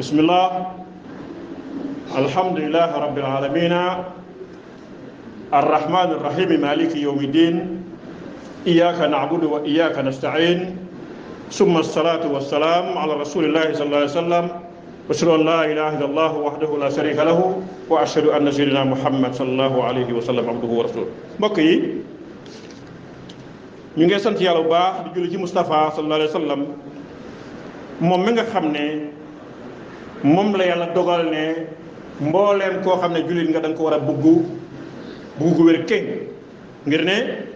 بسم الله الحمد لله رب العالمين الرحمن الرحيم مالك يوم الدين إياك نعبد وإياك نستعين ثم الصلاة والسلام على رسول الله صلى الله عليه وسلم وأشهد أن لا إله إلا الله وحده لا شريك له وأشهد أن سيدنا محمد صلى الله عليه وسلم عبده ورسوله بقي ñu ngi sant yàlla bu baax di julli ci Moustapha sallallahu alayhi wa sallam moom mi nga xam ne moom la yàlla dogal ne mbooleem koo xam ne jullit nga da ko war a buggu buggu gu wér kéng ngir ne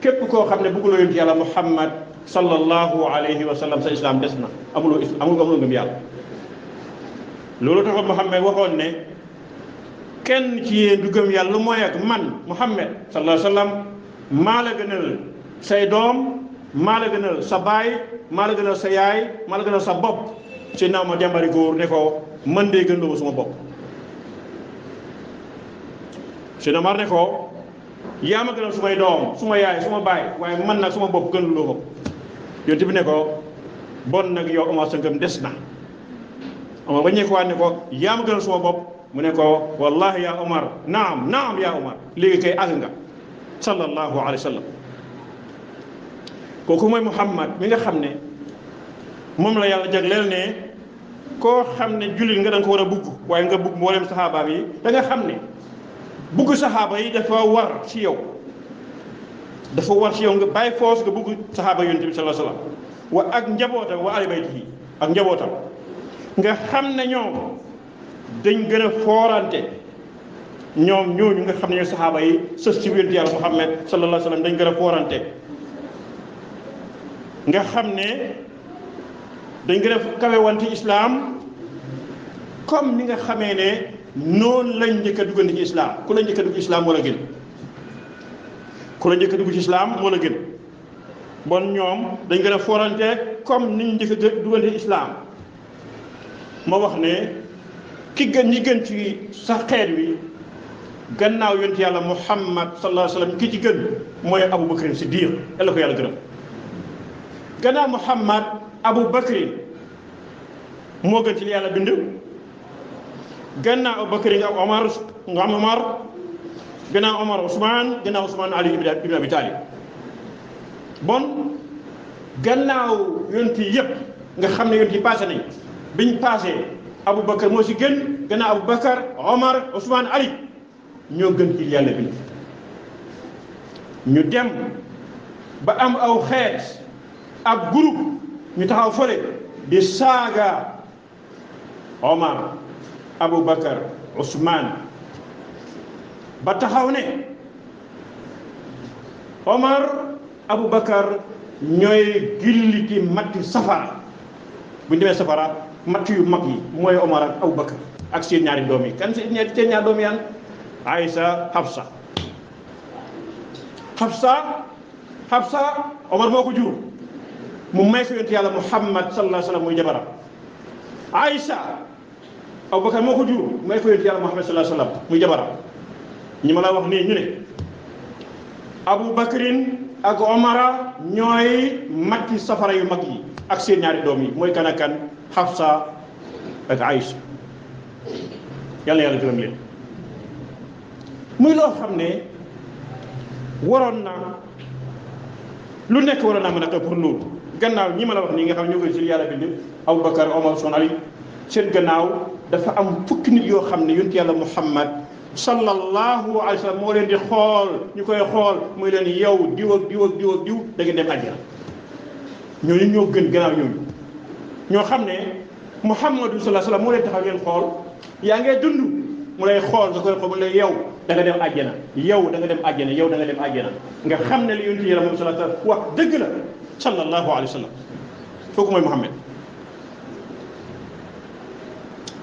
képp koo xam ne bugguloo yonent yàlla muhammad sallallahu alayhi wa sallam sa islam des na amuloo is amul amuloo ngëm yàlla loolu taxoon muhammad waxoon ne kenn ci yéen du gëm yàlla mooy ak man muhammad sallallahu alayhi wa sallam maa la gënal say doom maa la gënal sa baay maa la gënal sa yaay maa la gënal sa bopp ci naa ma jàmbari góor ne ko man de gën loo suma bopp ci namar ne ko yaa ma gënal su may doom su yaay su ma baay waaye man nag suma bopp gën loo bopp yonent ne ko bon nag yow Omar sa ngëm des na Omar ba ñeekuwaat ne ko yaa ma gënal suma bopp mu ne ko wallahi yaa Omar naam naam yaa Omar léegi kay àgg nga sallallahu alayhi kooku mooy Muhammad mi nga xam ne moom la yàlla jagleel ne koo xam ne jullit nga da ko war a bugg waaye nga bugg mboolem saxaabaam yi da nga xam ne bugg saxaaba yi dafa war ci yow dafa war ci yow nga bàyyi foos nga bugg saxaaba yonent bi sallallahu alayhi wasallam wa ak njabootam wa ahli bayti ak njabootam nga xam ne ñoom dañ gën a foorante ñoom ñooñu nga xam ne ñooy saxaaba yi sës ci yonent yàlla Muhammad sallallahu alayhi wasallam dañ gën a foorante nga xam ne dañ gën a kawe woon ci islaam comme ni nga xamee ne noonu lañ njëkk a duggante ci islaam ku la njëkk dugg islaam moo la gën ku la gën bon ñoom dañ gën a forante comme niñ njëkk a duggante islaam ma wax ne ki gën ñi gën ci sa xeet wi gannaaw yonent yàlla muhammad sallallahu alayhi wa sallam ki ci gën mooy abubakar siddiq yàlla ko yàlla gërëm gannaaw muhammad abu bakrin moo gën ci li yàlla bind gannaaw abu bakrin nga am omar nga am omar gannaaw omar ousmane gannaaw ousmane ali ibn abi bon gannaaw yonent yëpp nga xam ne yonent yi passé nañ biñ passé abu bakar moo ci gën gannaaw abu bakar omar ousmane ali ñoo gën ci li yàlla bind ñu dem ba am aw xeet ab groupe ñu taxaw fële di saaga omar abubakar usman ba taxaw ne omar Abu ñooy gilli ki matti safara bu ñu demee safara matt yu mag yi mooy omar ak Bakar ak seen ñaari doom yi kan seen ñaari seen ñaari yan aïssa hafsa hafsa hafsa omar moo ko mu may fi yonte yàlla muhammad sallallahu alayhi wasallam sallam muy jabaram aïcha aboubacar moo ko jur may fi yonte yàlla muhammad sallallahu alayhi wasallam muy jabaram la wax ñu ne ak omara ñooy matti safara yu mag ak seen ñaari doom yi mooy kan ak kan yàlla yàlla gërëm leen muy lo xamne waron na lu nekk waron na mëna ko pour nous gannaaw ñi ma la wax nii nga xam ñoo koy jël yàlla bind Aboubacar Omar son Ali seen gannaaw dafa am fukki nit yoo xam ne yonent yàlla Muhammad sallallahu alayhi wa sallam moo leen di xool ñu koy xool muy leen yow diw ak diw ak diw ak diw da ngeen dem àjjana ñooñu ñoo gën gannaaw ñooñu ñoo xam ne Muhammadu sallallahu alayhi wa sallam moo leen taxaw ngeen xool yaa ngay dund mu lay xool nga koy xool mu lay yow da nga dem àjjana yow da nga dem àjjana yow da nga dem àjjana nga xam ne li yonent yàlla moom sallallahu alayhi wax dëgg la sallallahu alayhi wa sallam kooku mooy Muhammad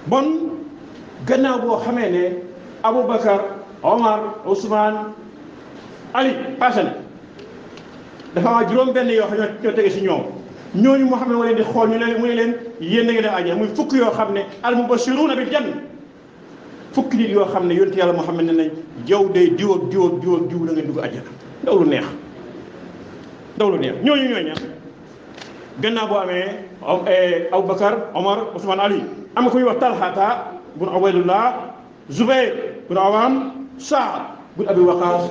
bon gannaaw boo xamee ne Aboubacar Omar Ousmane Ali passé na dafa am juróom benn yoo xam ne ñoo tege si ñoom ñooñu moo xam ne leen di xool ñu leen mu ne leen yéen da ngeen dem àjjana muy fukk yoo xam ne al mubashiruuna bil janna fukki nit yoo xam ne yonte yàlla moo xam ne nañ jaw day diw ak diw ak diw ak diw da lu neex ndaw lu neex ñooñu ñooy boo amee eh, Aboubacar Omar Ousmane Ali am na ku ñuy wax Talhata bun Ubaydullah Zubayr bun Awam Saad bun Abi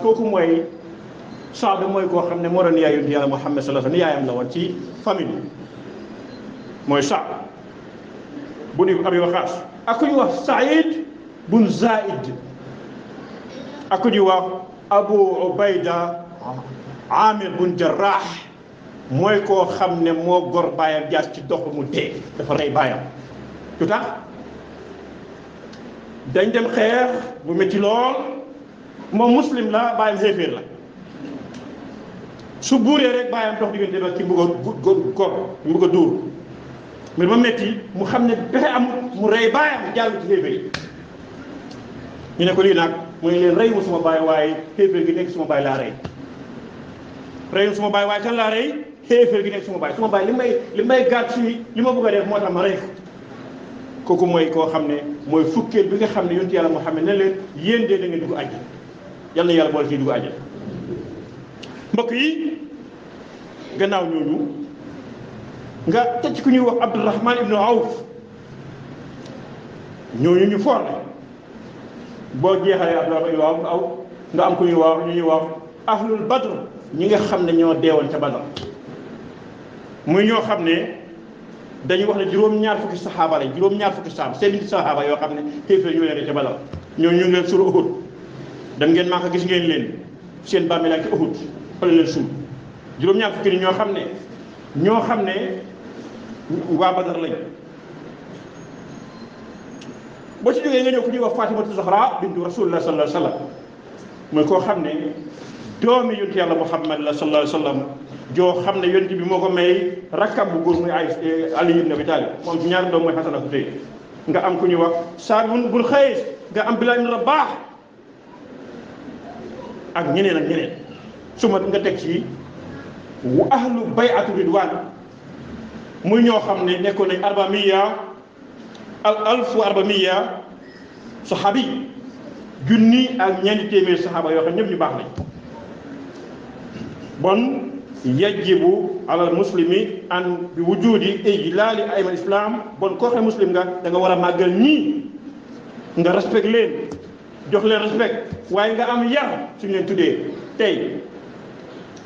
kooku mooy Saad mooy koo xam ne moo doon yaay yonte yàlla Muhammad sallallahu alayhi wa sallam yaayam la woon ci famille mooy Saad bun Abi ak ku ñuy wax Saïd بن زائد أكو أبو عبيدة عامر بن جراح موي كو خامني مو غور بايا جاس تي دوخو مو تي دا فا ري بايا توتا دنج ديم خير بو ميتي لول مو مسلم لا بايا زفير لا su buré rek bayam dox digënté ba ci mbugo gor mbugo dur mais ba metti mu xamné bété amul mu ray bayam jallu ci zefir ñu ne ko lii nag mu leen leen reyuma suma baay waaye xéeféer gi nekk suma baay laa rey reyum suma baay waaye kan laa rey xéeféer gi nekk suma baay suma baay li may li may gàtt ci li ma bëgg a def moo tax ma rey ko kooku mooy koo xam ne mooy fukkeel bi nga xam ne yonti yàlla moo xam ne ne leen yéen dee da ngeen dugg àjj yàlla yàlla boole ci dugg àjj mbokk yi gannaaw ñooñu nga tëj ku ñuy wax abdourahman ibnu awf ñooñu ñu foor boo jeexalee ab loolu waaw aw nga am ku ñu waaw ñu ñuy waaw ahlul badr ñi nga xam ne ñoo deewoon ca badar muy ñoo xam ne dañu wax ne juróom-ñaar fukki saxaaba lañ juróom-ñaar fukki saxaaba seen saxaaba yoo xam ne kéefee ñu leen ca badar ñoo ñu ngeen sur Uhud dem ngeen maa ko gis ngeen leen seen bàmmeel ak Uhud fële leen suul juróom-ñaar fukki ni ñoo xam ne ñoo xam ne waa badar lañ boo ci jógee nga ñëw ku ñuy wax Fatimatu Zahra bintu rasulullah sallallahu alayhi wa mooy koo xam ne doomi yonent yàlla Muhammad la sallallahu alayhi wa sallam joo xam ne yonent bi moo ko may rakkam bu góor muy ay eh, Ali ibn Abi Talib moom ci ñaari doom mooy Xasan ak Xusey nga am ku ñuy wax Saad bun Xays nga am Bilaal ibn Rabaah ak ñeneen ak ñeneen su ma nga teg ci wa ahlu bay'atu ridwaan muy ñoo xam ne nekkoon nañ arbamiya al alfu arbamia saxaabi junni ak ñeenti téeméer saxaaba yoo xam ñëpp ñu baax lañ bon yajibu alal muslimi an bi wujudi ijlaali ayman islam bon koo xam muslim nga da war a màggal ñii nga respect leen jox leen respect waaye nga am yar suñu leen tuddee tey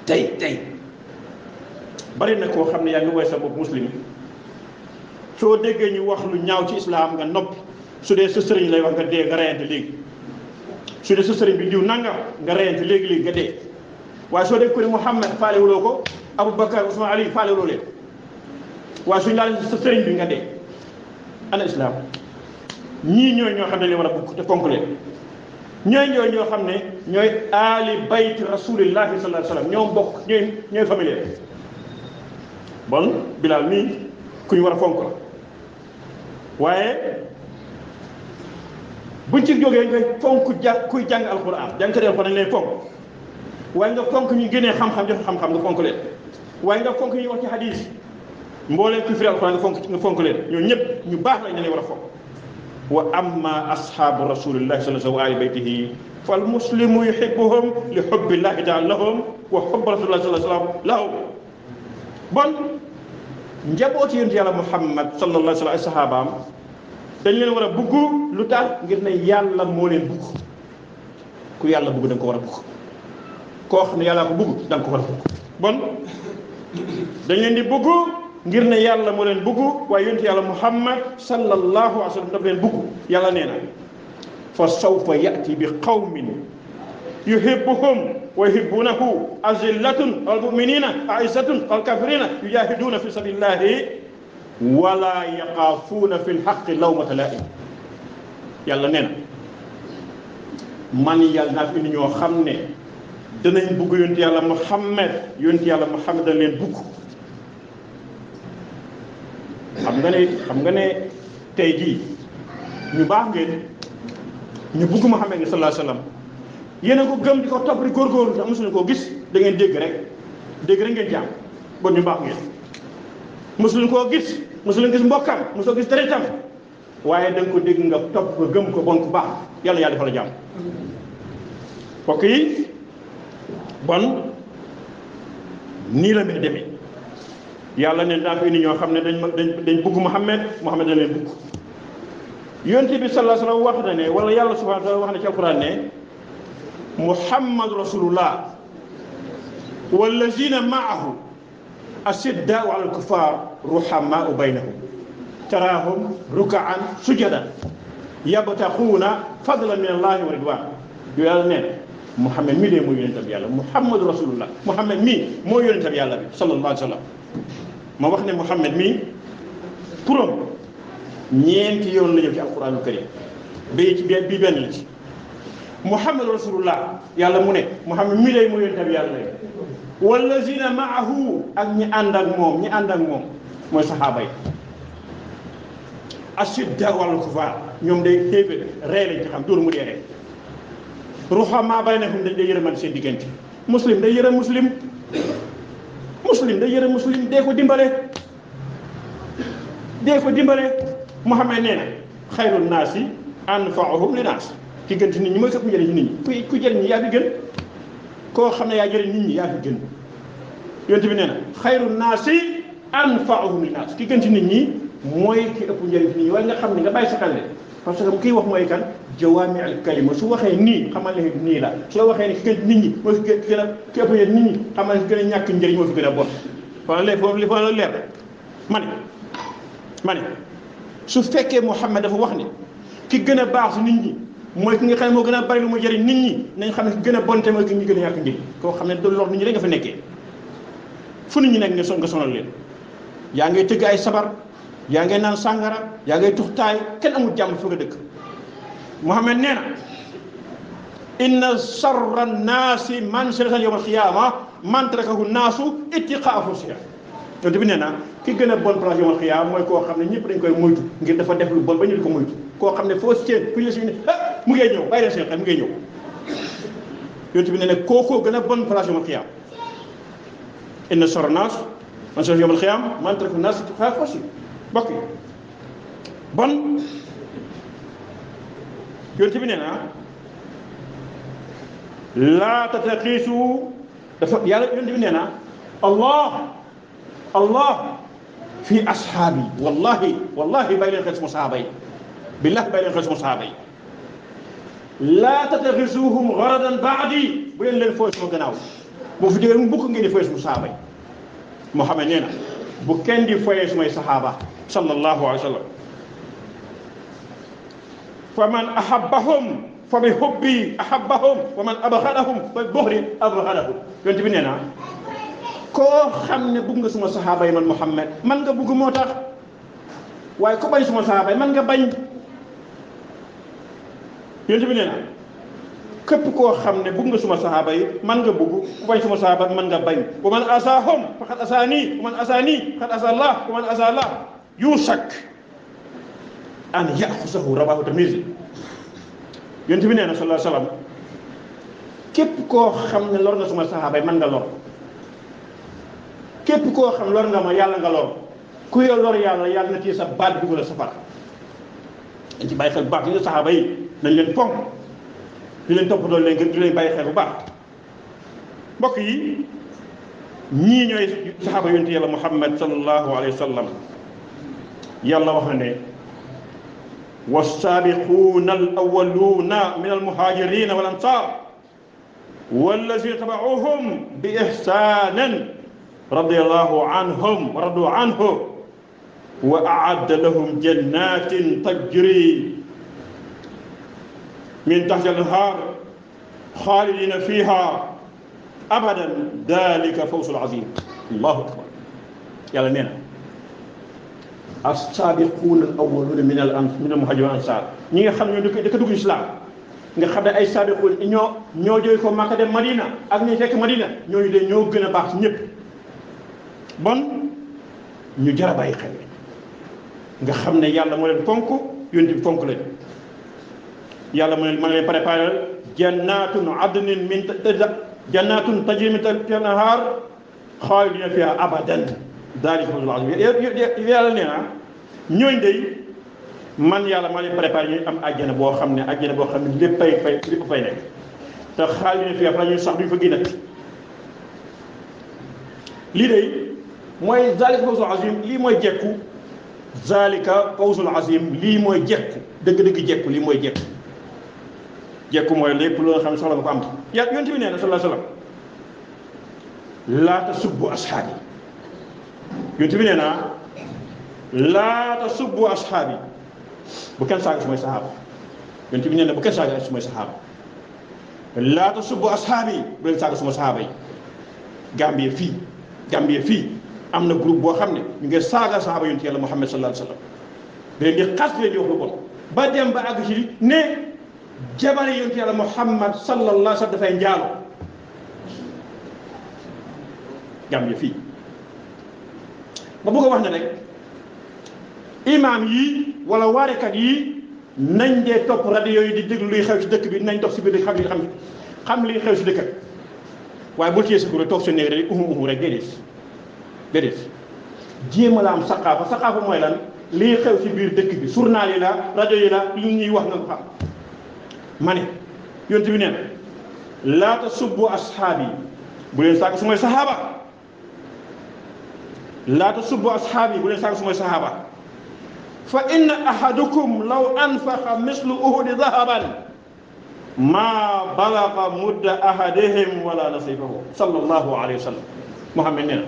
tey tey bari na koo xam ne yaa ngi woy sa bopp muslim soo déggee ñu wax lu ñaaw ci islaam nga noppi su dee sa sëriñ lay wax nga dee nga reyante léegi su dee sa sëriñ bi diw nangam nga reyante léegi léegi nga dee waaye soo dégg ko ni Muhammad faalewuloo ko Aboubacar Ousmane Ali faalewuloo leen waaye suñu laal sa sëriñ bi nga dee ana islaam ñii ñooy ñoo xam ne li war a bukk te fonk ñooy ñoo xam ne ñooy aali bayti rasulillahi sallallahu alayhi wa sallam ñoom bokk ñooy ñooy familier bon Bilaal nii ku ñu war a fonk la waaye buñ ci jógee ngay fonk ja kuy jàng alquran jàng tëddee ko dañ lay fonk waaye nga fonk ñu génnee xam-xam joxe xam-xam nga fonk leen waaye nga fonk ñu wax ci hadis mbooleem ku firi alquran nga fonk nga fonk leen ñoo ñëpp ñu baax lañ dañ war a fonk wa amma ashabu rasulillahi sallallahu alayhi wa ali baytihi fal muslimu yuhibbuhum li hubbillahi ta'ala lahum wa hubbi rasulillahi sallallahu alayhi wa sallam lahum bon njaboot yonent yàlla muhammad sallallahu alayhi wa sallam ay saxaabaam dañ leen war a bugg lu tax ngir ne yàlla moo leen bugg ku yàlla bugg da ko war a bugg koo ne yàllaa ko bugg da nga ko war a bugg bon dañ leen di bugg ngir ne yàlla moo leen bugg waaye yonent yàlla muhammad sallallahu alayhi wa sallam daf leen bugg yàlla nee na fa sawfa yati bi qawmin يحبهم ويحبونه أزلة المؤمنين أعزة الكافرين يجاهدون في سبيل الله ولا يخافون في الحق لومة لائم يلا نينا من يلنا في نيو خمني دنين بوكو ينتي على محمد ينتي على محمد لين بوكو خمغني خمغني تيجي نباهم ñu bugg muhammad sallallahu alayhi wasallam yéen ko gëm di ko topp di góorgóorlu sax mosuñu koo gis da ngeen dégg rek dégg rek ngeen jàng bon ñu baax ngeen mosuñu koo gis mosuñu gis mbokkam mosoo gis da ko nga ko gëm ko bon ku baax yàlla yàlla dafa la jàmm mbokk bon nii la ne dañ dañ Muhammad Muhammad da leen bugg bi sallallahu alayhi wasallam wax na wala yàlla subhanahu wa taala ci alquran ne محمد رسول الله والذين معه أشداء على الكفار رحماء بينهم تراهم ركعا سجدا يبتغون فضلا من الله ورضوانه يقول لنا نعم. محمد مين مو يونتاب يالا محمد رسول الله محمد مين مو يونتاب يالا بي صلى الله عليه وسلم ما واخني نعم محمد مين بروم ñeenti yoon la في القران الكريم karim bi bi benn muhammad rasulullah yàlla mu ne muhammad mi lay mu yonent bi yàlla yi wallazina maahu ak ñi ànd ak moom ñi ànd ak moom mooy saxaaba yi ashidda wal kufaar ñoom day téefé ree lañ ci xam dóor mu dee ree ruhamaa baynahum dañ day yërëmal seen diggante muslim day yërëm muslim muslim day yërëm muslim dee ko dimbale dee ko dimbale muhammad nee na xayrun naasi anfaahum li naas ki gën ci nit ñi mooy képp njëriñ nit ñi ku jëriñ yaa fi gën koo xam ne yaa jëriñ nit ñi yaa fi gën yonent bi nee na xayru naasi anfa'uhum linnaas ki gën ci nit ñi mooy ki ëpp njëriñ nit ñi waaye nga xam ne nga bàyyi sa xel parce que kiy wax mooy kan jawaami al kalima su waxee nii xamal ne nii la soo waxee ne ki gën nit ñi moo fi gën a ki ëpp nit ñi xamal ne gën a ñàkk njëriñ moo fi gën a bon wala léegi li fa leer ma ne ma ne su fekkee Muhammad dafa wax ne ki gën a baax nit ñi mooy ki nga xam ne moo gën a bari lu mu jëriñ nit ñi nañ xam ne gën a bonte mooy ki ñu gën a yàq njëriñ koo xam lor nit ñi rek nga fa nekkee fu nit ñi nekk nga son nga sonal leen yaa ngay tëgg ay sabar yaa ngay naan sàngara yaa ngay tux taay kenn amul jàmm fu nga dëkk muhammad nee inna sarra naasi man siratan yowma alqiyama man tarakahu naasu ittiqaa fusiya yonte bi nee na ki gën a bon place yowmal xiyaam mooy koo xam ne ñëpp dañ koy moytu ngir dafa def lu bon ba ko moytu koo xam ne foo seen ku mu ngi ñëw bàyyi leen seen xel mu ngi ñëw yonent bi ne nag kookoo gën a bonne place yomal xiyaam inna sor naas man sor yomal xiyaam man taraka naas tu xaa fosi bokk bon yonent bi ne na laa tataxiisu dafa yàlla yonent bi ne na allah allah fi ashaabi wallahi wallahi bàyyi leen xel sama saaba yi billah bàyyi leen xel sama saaba yi لا تتخذوهم غرضا بعدي بين لين فوش مو غناو بو في ديرم بوك نغي فوش مصابي محمد نينا بو كين دي فوش ماي صحابه صلى الله عليه وسلم فمن احبهم فبحبي احبهم ومن ابغضهم فبغضي ابغضهم يونت بي نينا كو خامني بوغ سما صحابه من محمد من غا بوغ موتاخ واي كو باج سما صحابه من غا باج yonent bi nee képp koo xam ne bugg nga suma saxaaba yi man nga bugg ku bañ suma saxaaba man nga bañ wa man asaahum faqad asaa nii wa man asaa nii faqad asaa Allah wa man asaa Allah yuusak an yaxusahu rawahu Tirmisi yonent koo xam ne lor nga suma saxaaba yi man nga lor képp koo xam lor nga ma yàlla nga lor ku yo lor yàlla yàlla na téye sa baat dugg la safara dañ ci bàyyi xel baax yi nga saxaaba yi nañ leen fonk di leen toppatoo leen gën di leen bàyyi xel bu baax mbokk yi ñii ñooy saxaaba yonte yàlla muhammad sallallahu alayhi wa sallam yàlla wax na ne والسابقون الأولون من المهاجرين والأنصار والذين تبعوهم بإحسان رضي الله عنهم ورضوا عنه وأعد لهم جنات تجري من تحت الانهار خالدين فيها ابدا ذلك فوز العظيم الله اكبر يلا نينا السابقون الاولون من الانصار من المهاجرين الانصار نيغا خام نيو ديك دوج الاسلام nga xam ne ay sabiqul ñoo ñoo jóge ko màkka dem madina ak ñi fekk madina ñooñu de ñoo gën a baax ñëpp bon ñu jara a bàyyi xel nga xam ne yàlla moo leen fonk yónni fonk lañu yàlla mu ne ma ngi leen préparé jannaatun adnin min jannaatun tajri min tahtiha al-anhaar xaalidina fiha abadan daalika al-fawzul aziim nee na ñooñ day man yàlla maa leen préparé ñu am àjjana boo xam ne àjjana boo xam ne lépp fay fay lépp fay nekk te xaalidina fiha fa la sax duñu fa génnati lii day mooy daalika al lii mooy jekku azim lii mooy jekku dëgg-dëgg jekku lii mooy jekku jekku mooy lépp loo xam ne soxla nga ko am ci yàlla yonent bi nee na sallallahu alayhi wasallam laata subbu asxaab yi yonent bi nee naa laata subbu asxaab yi bu kenn saaga su may saxaaba yonent bi nee na bu kenn saaga su may saxaaba laata subbu asxaab yi bu leen saaga su ma saxaaba yi Gambie fii Gambie fii am na groupe boo xam ne ñu ngi saaga saxaaba yonent yàlla Muhammad sallallahu alayhi wasallam di leen di xas leen di wax lu bon ba dem ba àgg ci ne جبل يونت على محمد صلى الله عليه وسلم في انجالو جام يفي ما بوكو واخنا ريك امام يي ولا واريكا يي نان دي توب راديو يي دي ديغ لوي خيو سي دك بي نان توب سي بي خام لي خام خام لي خيو سي دك واي بو تي سكو توب سي نيغري اوم اوم ريك ديريس ديريس جيما لام ثقافه ثقافه موي لان لي خيو سي بير دك بي جورنال لا راديو لا ني ني واخنا خام ma ne yonte bi neen laata subbu ashaabi bu leen saaga sumay sahaaba laata subbu ashaabi bu leen saaga sumay sahaaba fa inna ahadukum law anfaqa mislu uhudi dahaban ma balaga mudda ahadihim wala nasifahu sallallahu alayhi wa sallam muhammad nee na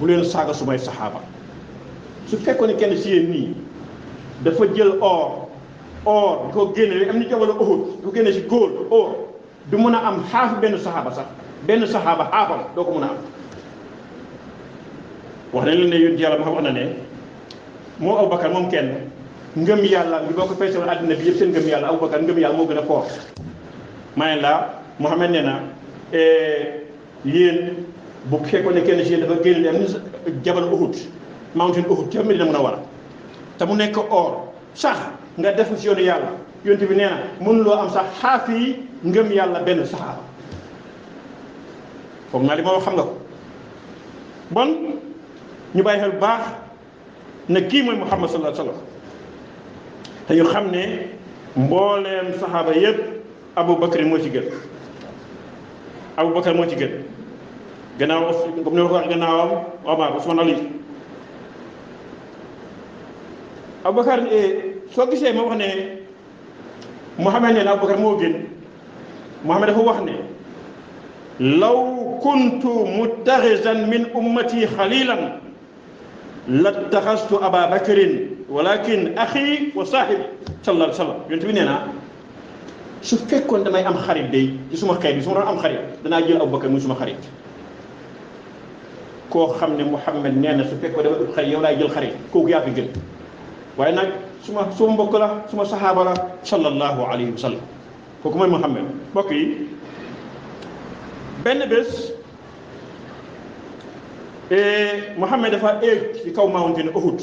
bu leen saaga sumay sahaaba su fekkoon kenn si yéen nii dafa jël or or di ko génne am ni jabal uhud di ko génne si góor or du mën a am xaaf benn saxaaba sax benn saxaaba xaafam doo ko mën a am wax nañ leen ne yonent yàlla ma na ne moo Aboubacar moom kenn ngëm yàlla bi boo ko peese woon àddina bi yëpp seen ngëm yàlla Aboubacar ngëm yàlla moo gën a foor ma ne la Mouhamed nee na eh, yéen bu fekkoon ne kenn si yéen dafa génne li am ni jabal uhud mountain uhud ca Medina mën a war a te mu nekk or sax nga def ci yoonu yàlla yonte bi nee na mënuloo am sax xaafi ngëm yàlla benn saxaaba foog naa li ma wax xam nga ko bon ñu bàyyi xel bu baax ne kii mooy Muhammad sallallahu alayhi wa te xam ne mbooleem saxaaba yépp Abu Bakr moo ci gën Abu Bakr moo ci gën gannaaw comme ni Omar Ousmane Ali Abu Bakr eh, soo gisee ma wax ne Muhammad nee na Abubakar moo gën Muhammad dafa wax ne law kuntu muttaxisan min ummati khalilan xalilan لاتخذت أبا walakin ولكن wa sahib صلى الله wasallam وسلم يونت بي نينا su fekkoon damay am xarit day ci suma xeet bi su ma am xarit danaa jël abou bakar muy suma xarit koo xam ne muhammad nee na su fekkoon damay ut xarit yow laay jël xarit kooku yaa fi gën waaye nag suma suma mbokk la suma saxaaba la sallallahu alayhi wa sallam kooku mooy Muhammad mbokk yi benn bés eh, Muhammad dafa éeg ci kaw mountain Uhud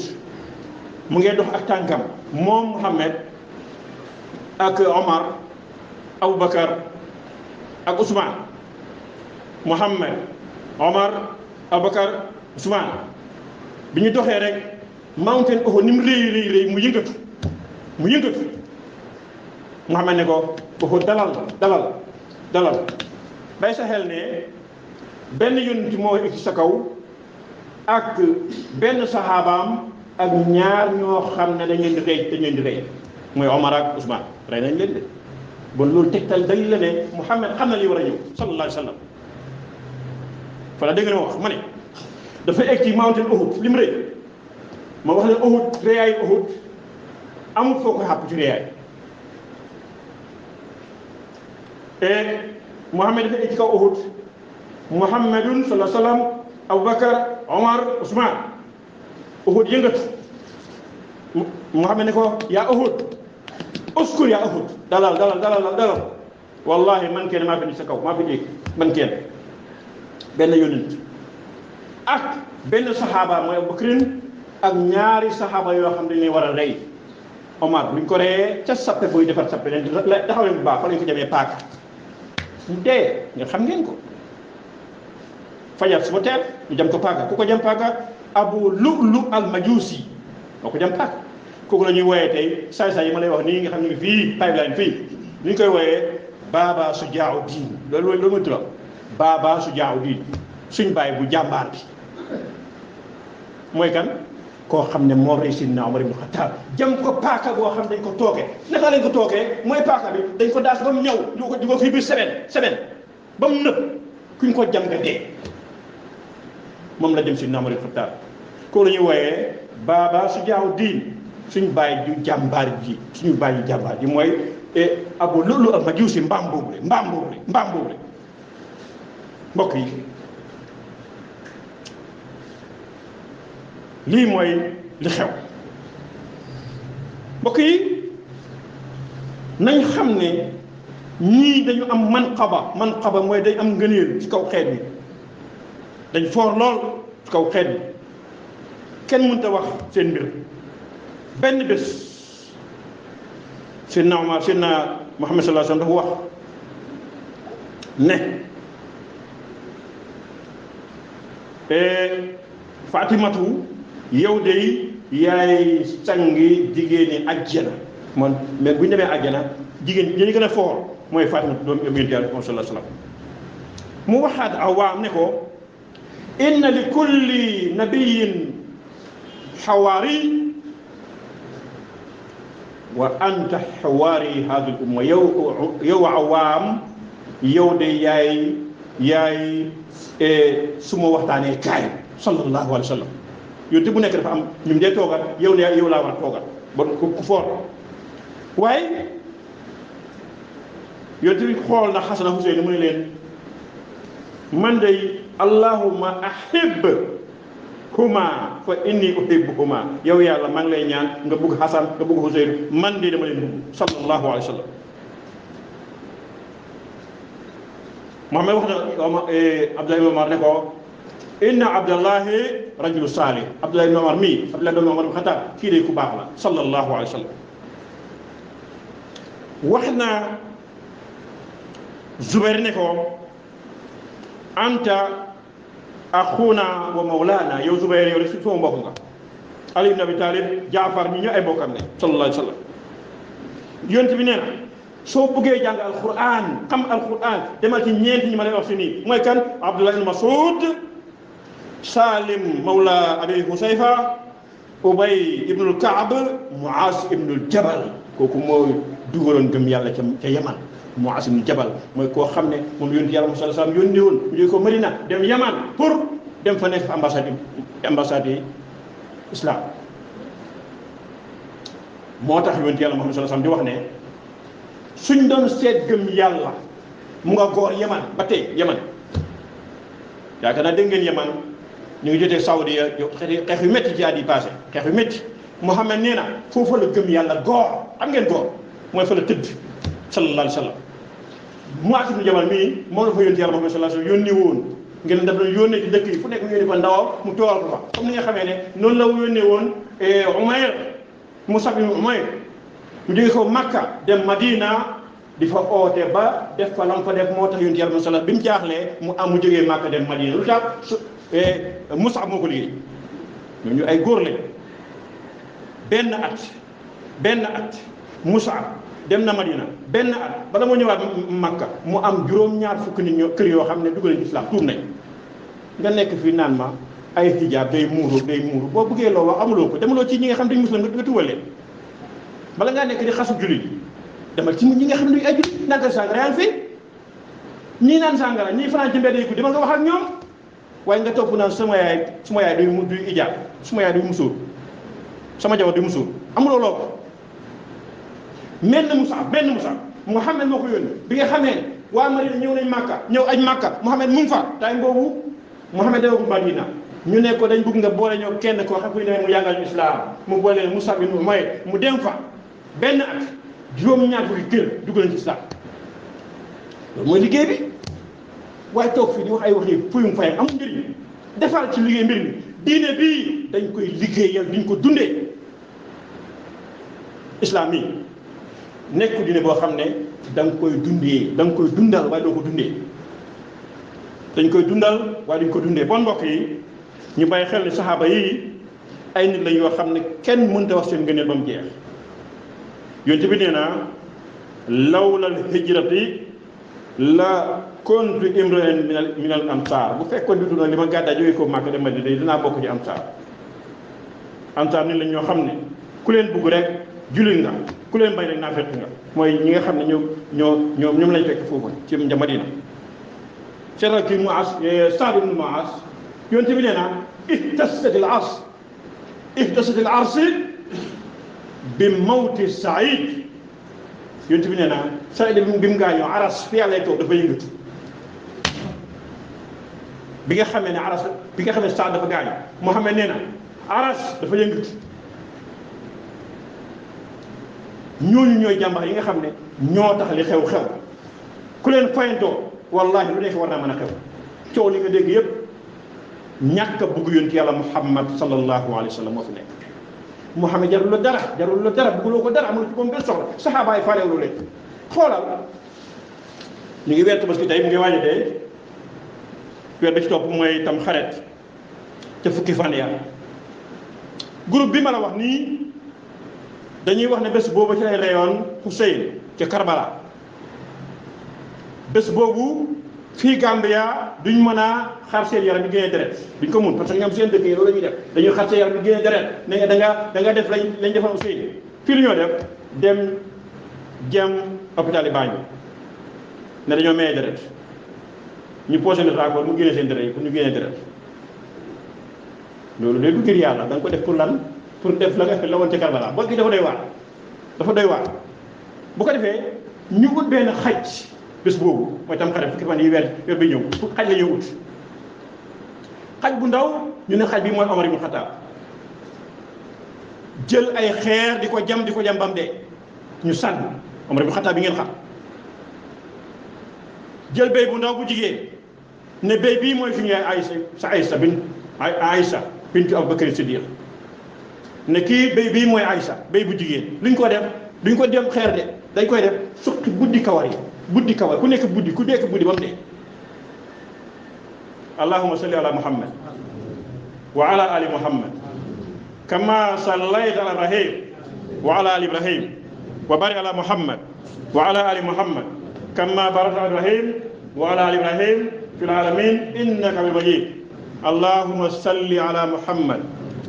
mu ngi dox ak tànkam moom Muhammad ak Omar Aboubacar ak Ousmane Muhammad Omar Aboubacar Ousmane bi ñu doxee rek mountain Uhud ni mu réy réy réy mu yëngatu mu yëngatu mu xamal ne ko Uhud dalal dalal dalal bay sa xel ne benn yonent moo egsi sa kaw ak benn saxaabaam ak ñaar ñoo xam ne dañ leen di rey di rey mooy Omar ak Ousmane rey nañ leen de bon loolu tegtal day la ne Muhammad xam na li war a ñëw sallallahu alayhi wa sallam fa la dégg wax ma ne dafa egg ci mountain Uhud li mu rëy ma wax ne Uhud réyaayu Uhud amul foo ko xàpp ci réyaay e Muhammad dafa egg ci kaw Uhud Muhammadun sallallahu alayhi wa sallam Aboubacar Omar Ousmane Uhud yëngatu Muhammad ne ko yaa Uhud uskur yaa Uhud dalal dalal dalal dalal wallahi man kenn maa fi nekk sa kaw maa fi nekk man kenn benn yónent ak benn saxaaba mooy Abubakrin ak ñaari saxaaba yoo xam ne dañuy war a rey Omar buñ ko reyee ca sappe buy defar sappe leen taxaw leen bu baax fa lañ ko jamee paaka mu dee nga xam ngeen ko fajar suba teel ñu jam ko paaka ku ko jam paaka abu lulu al majusi moo ko jam paaka kooku la ñuy wooyee tey saay-saay yi ma lay wax nii nga xam ne fii pipeline fii ñu koy wooyee baaba su jaaw diin loolu loolu mooy turam baaba su jaaw diin suñ bàyyi bu jàmbaar bi mooy kan koo xam ne moom rey Sidna Omar ibn Khattab jam ko paaka boo xam dañ ko toogee naka lañ ko toogee mooy paaka bi dañ ko daas ba mu ñëw du ko du ko kii bi semaine semaine ba mu nëb kuñ ko jam nga dee moom la jëm Sidna Omar ibn Khattab koo la ñuy wooyee baaba su jaaw diin suñu bàyyi ju jàmbaar ji suñu bàyyi ju jàmbaar ji mooy eh, abu loolu am ma jiw si mbaam boobu le mbaam boobu mbokk yi lii mooy li xew mbokk yi nañ xam ne ñii dañu am manqaba manqaba mooy dañ am ngëneel ci kaw xeet bi dañ foor lool ci kaw xeet bi kenn mënta wax seen mbir benn bés sidna omar sidna muhammad salaa sallam dafa wax ne fatimatu yow day yaay sangi jigéeni ajjana man mais bu demee ajjana jigéen ñi gën a foor mooy fatima doom yonent yàlla moom sallallahu alayhi mu waxaat awaam ne ko inna li kulli nabiyin xawaari wa anta xawaari hadi umma yow yow awaam yow yaay yaay suma waxtaanee kaay sallallahu alayhi wa sallam yonent bu nekk dafa am ñum dee toogal yow laa war a toogal bon ku foor waaye yonent bi xool na xasana Huseyn mu ne leen man day allahuma ahib huma fa inni uhibbuhuma yow yàlla maa lay ñaan nga bëgg Xasan nga bëgg Huseyn man de dama leen bëgg sallallahu alayhi wa sallam Muhammad wax na eh, Abdallahi رجل صالح عبد الله بن عمر مي عبد الله بن عمر الخطاب كي ديكو باخلا صلى الله عليه وسلم وحنا زبير نيكو انت اخونا ومولانا يا زبير يا رسول الله بوكنا علي بن ابي طالب جعفر ني ني اي بوكام صلى الله عليه وسلم يونت بي نينا سو بوغي جانغ القران خم القران ديمال تي نينت ني مالاي وخشني موي كان عبد الله بن مسعود salim maula abi husayfa ubay ibn al muas ibn jabal koku moy dugalon gem yalla ca yaman muas ibn jabal moy ko xamne mom yonent yalla muhammad sallallahu alayhi won ñu ko medina dem yaman pour dem fa nek ambassade ambassade islam motax yonent yalla muhammad sallallahu alayhi wasallam di wax ne suñ doon seet gem yalla mu nga yaman ba yaman yaakaar naa yaman ñu ngi jotee Saoudia xeex yu métti jihaad yi passé xeex yu métti Muhammad nee na foofa la gëm yàlla goor am ngeen goor mooy fa la tëdd sallallahu alayhi wa sallam Muaaz ibn Jabal mii moom la fa yónni yàlla woon ngeen def la yónnee ci dëkk yi fu nekk mu yónni ko mu tooral ko fa comme ni nga xamee ne noonu la yónnee woon eh, Umayr mu ibn Umayr ñu jógee ko Makka dem Madina di fa oote ba def fa lam fa def moo tax yónni yàlla Muhammad bi mu jaaxlee mu am mu jógee Makka dem Madina lu tax Eh, Moussa moo ko liggéey ñooñu ay góor lañ benn at benn at Moussa dem na Madina benn at bala moo ñëwaat Makka mu am juróom-ñaar fukk nit ñoo kër yo xam ne dugal islam tuub nañ nga nekk fii naan ma ay hijab day muuru day muuru boo bëggee loo wax amuloo ko demaloo ci ñi nga xam dañ muslim nga tuwal leen bala ngaa nekk di xasu julit demal ci ñi nga xam ne ay julit naan sangara yaa ngi fi ñii naan sangara ñii fanaan ci mbedd yi guddi nga wax ak ñoom waaye nga topp naan sama yaay suma yaay duy duy ijaab suma yaay duy musóor sama jabar duy musóor amuloo loo ko menn musaab benn musaab na moo ko yónni bi nga xamee na Madina ñëw nañ Màkka ñëw aj Màkka Muhammad mu ngi fa time boobu Muhammad demagul Madina ñu ne ko dañ bëgg nga boole ñoo kenn koo xam fu ñu demee mu jàngal ñu islaam mu boole leen Musab ibn Umayr mu dem fa benn at juróom-ñaar fukki kër dugg nañ ci islaam loolu mooy liggéey bi waaye toog fii di wax ay wax yi fuyum fay amul njëriñ defal ci liggéey mbir mi diine bii dañ koy liggéeyal duñ ko dundee islam yi nekku diine boo xam ne da koy dundee da koy dundal waaye doo ko dundee dañ koy dundal waaye duñ ko dundee bon mbokk yi ñu bàyyi xel ne saxaaba yi ay nit lañ yoo xam ne kenn mënta wax seen ngëneel ba mu jeex yonent bi nee na lawlal hijrati la kontu imran min al amsar bu fekkoon di duna li ma gàddaa jógee ko màkk dem Madina dinaa bokk ci amsar amsar ni la ñoo xam ne ku leen bugg rek jullit nga ku leen bay rek naa fekk nga mooy ñi nga xam ne ñoo ñoo ñoo ñoom lañ fekk foofu ci Madina seetal kii mu as Saad ibn Muaz yonte bi nee naa ihtasat al ars ihtasat al arsi bi mawti saïd yonent bi nee na saayida bi bi mu gaañoo aras fi yàlla toog dafa yëngatu bi nga xamee ne aras bi nga xamee saad dafa gaañu Muhammad nee na aras dafa yëngatu ñooñu ñooy jàmbaar yi nga xam ne ñoo tax li xew xew ku leen fayantoo wallahi lu nekk war naa mën a xew coow li nga dégg yépp ñàkk a bugg yonent yàlla Muhammad sallallahu alayhi wa sallam moo fi nekk moo xam ne jarul la dara jarul la dara bëgguloo ko dara amul ci moom benn soxla saxaabaay faalewu leen xoolal ñu ngi weer tabaski tey mu ngi waaj a dee weer ba ci topp mooy tam xaret ca fukki fan ya groupe bi ma la wax nii dañuy wax ne bés boobu ci lay reyoon Hussein ca Karbala bés boobu fii Gambia duñ mën a xar seen yaram yi génnee deret duñ ko mun parce que am seen dëkk yi loolu la ñuy def dañuy xar seen yaram yi génnee deret ne nga da nga da nga def lañ lañ defal aussi fii lu ñoo def dem jëm hôpital yi Banjul ne dañoo maye deret ñu posé le rapport mu génnee seen deret yi pour ñu génnee deret loolu de du ngir yàlla da ko def pour lan pour def la nga la woon ca Karbala boo gi dafa doy waar dafa doy waar bu ko defee ñu ut benn bis bobu mooy tam xarit fukki fan yi wer weer bi ñëw fukki xaj la ñuy wut xaj bu ndaw ñu ne xaj bi moy Omar ibn Xataab jël ay xeer diko jam diko jam bam de ñu sann Omar ibn Xataab bi ngeen xam jël béy bu ndaw bu jigéen ne béy bi moy suñu yaay Aïssa sa Aïssa bin Aïssa bintu Abubakar Siddiq ne ki béy bi moy Aïssa béy bu jigéen luñ ko def duñ ko dem xeer de day koy def suqi buddi kawari yi buddi ku nekk buddi ku nekk buddi bam de allahumma salli ala muhammad wa ala ali muhammad كما صليت على ابراهيم وعلى ال ابراهيم وبارك على محمد وعلى ال محمد كما باركت على ابراهيم وعلى ال ابراهيم في العالمين انك حميد اللهم صل على محمد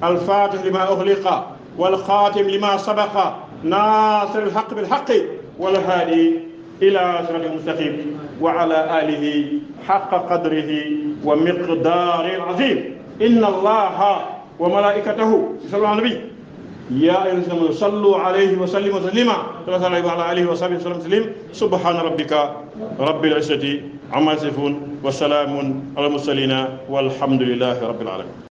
الفاتح لما اغلق والخاتم لما سبق ناصر الحق بالحق والهادي إلى صراط المستقيم وعلى آله حق قدره ومقدار العظيم إن الله وملائكته يصلون على النبي يا أيها الذين آمنوا صلوا عليه وسلموا تسليما صلى الله عليه وعلى وصحبه وسلم تسليم سبحان ربك رب العزة عما يصفون وسلام على المرسلين والحمد لله رب العالمين